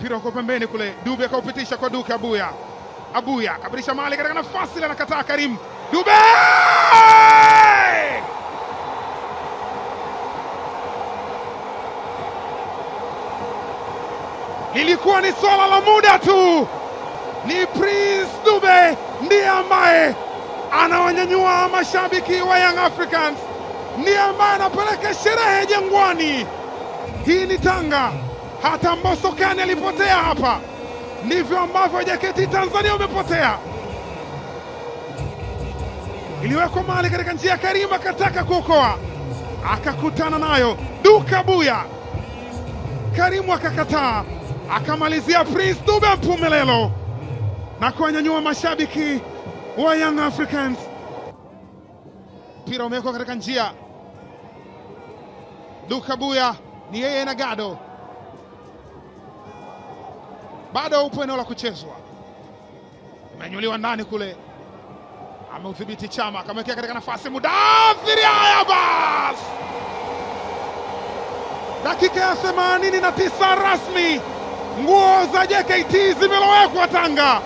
mpira uko pembeni kule, Dube akaupitisha kwa Duke Abuya. Abuya kabirisha mali katika nafasi, anakataa Karim Dube Ilikuwa ni swala la muda tu, ni Prince Dube ndiye ambaye anawanyanyua mashabiki wa Young Africans, ndiye ambaye anapeleka sherehe Jangwani. Hii ni Tanga hata Mbosso Kane alipotea hapa, ndivyo ambavyo JKT Tanzania umepotea. Iliwekwa mali katika njia ya Karim, akataka kuokoa, akakutana nayo Duka Buya. Karimu akakataa, akamalizia Prince Dube Mpumelelo na kuwanyanyua mashabiki wa Young Africans. Mpira umewekwa katika njia, Duka Buya ni yeye na Gado bado upo eneo la kuchezwa, imenyuliwa ndani kule, ameudhibiti Chama, akamwekea katika nafasi Mudathiri. Haya bas dakika ya themanini na tisa rasmi, nguo za JKT zimelowekwa Tanga,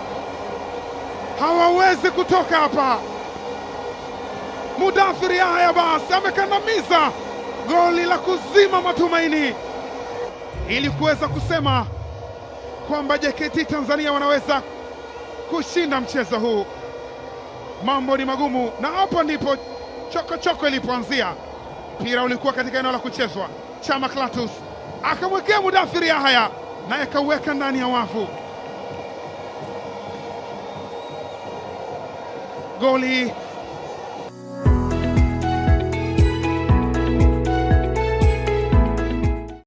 hawawezi kutoka hapa. Mudathiri haya bas amekandamiza goli la kuzima matumaini ili kuweza kusema kwamba JKT Tanzania wanaweza kushinda mchezo huu. Mambo ni magumu, na hapo ndipo chokochoko ilipoanzia. Mpira ulikuwa katika eneo la kuchezwa, Chama Clatous akamwekea Mudathiri Yahaya naye akauweka ndani ya wavu. Goli